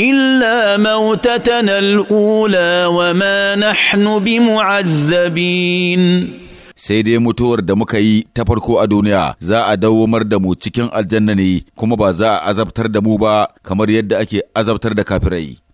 الا موتتنا الاولى وما نحن بمعذبين sai dai mutuwar da muka yi ta farko a duniya za a dawwamar da mu cikin aljanna ne kuma ba za a azabtar da mu ba kamar yadda ake azabtar da kafirai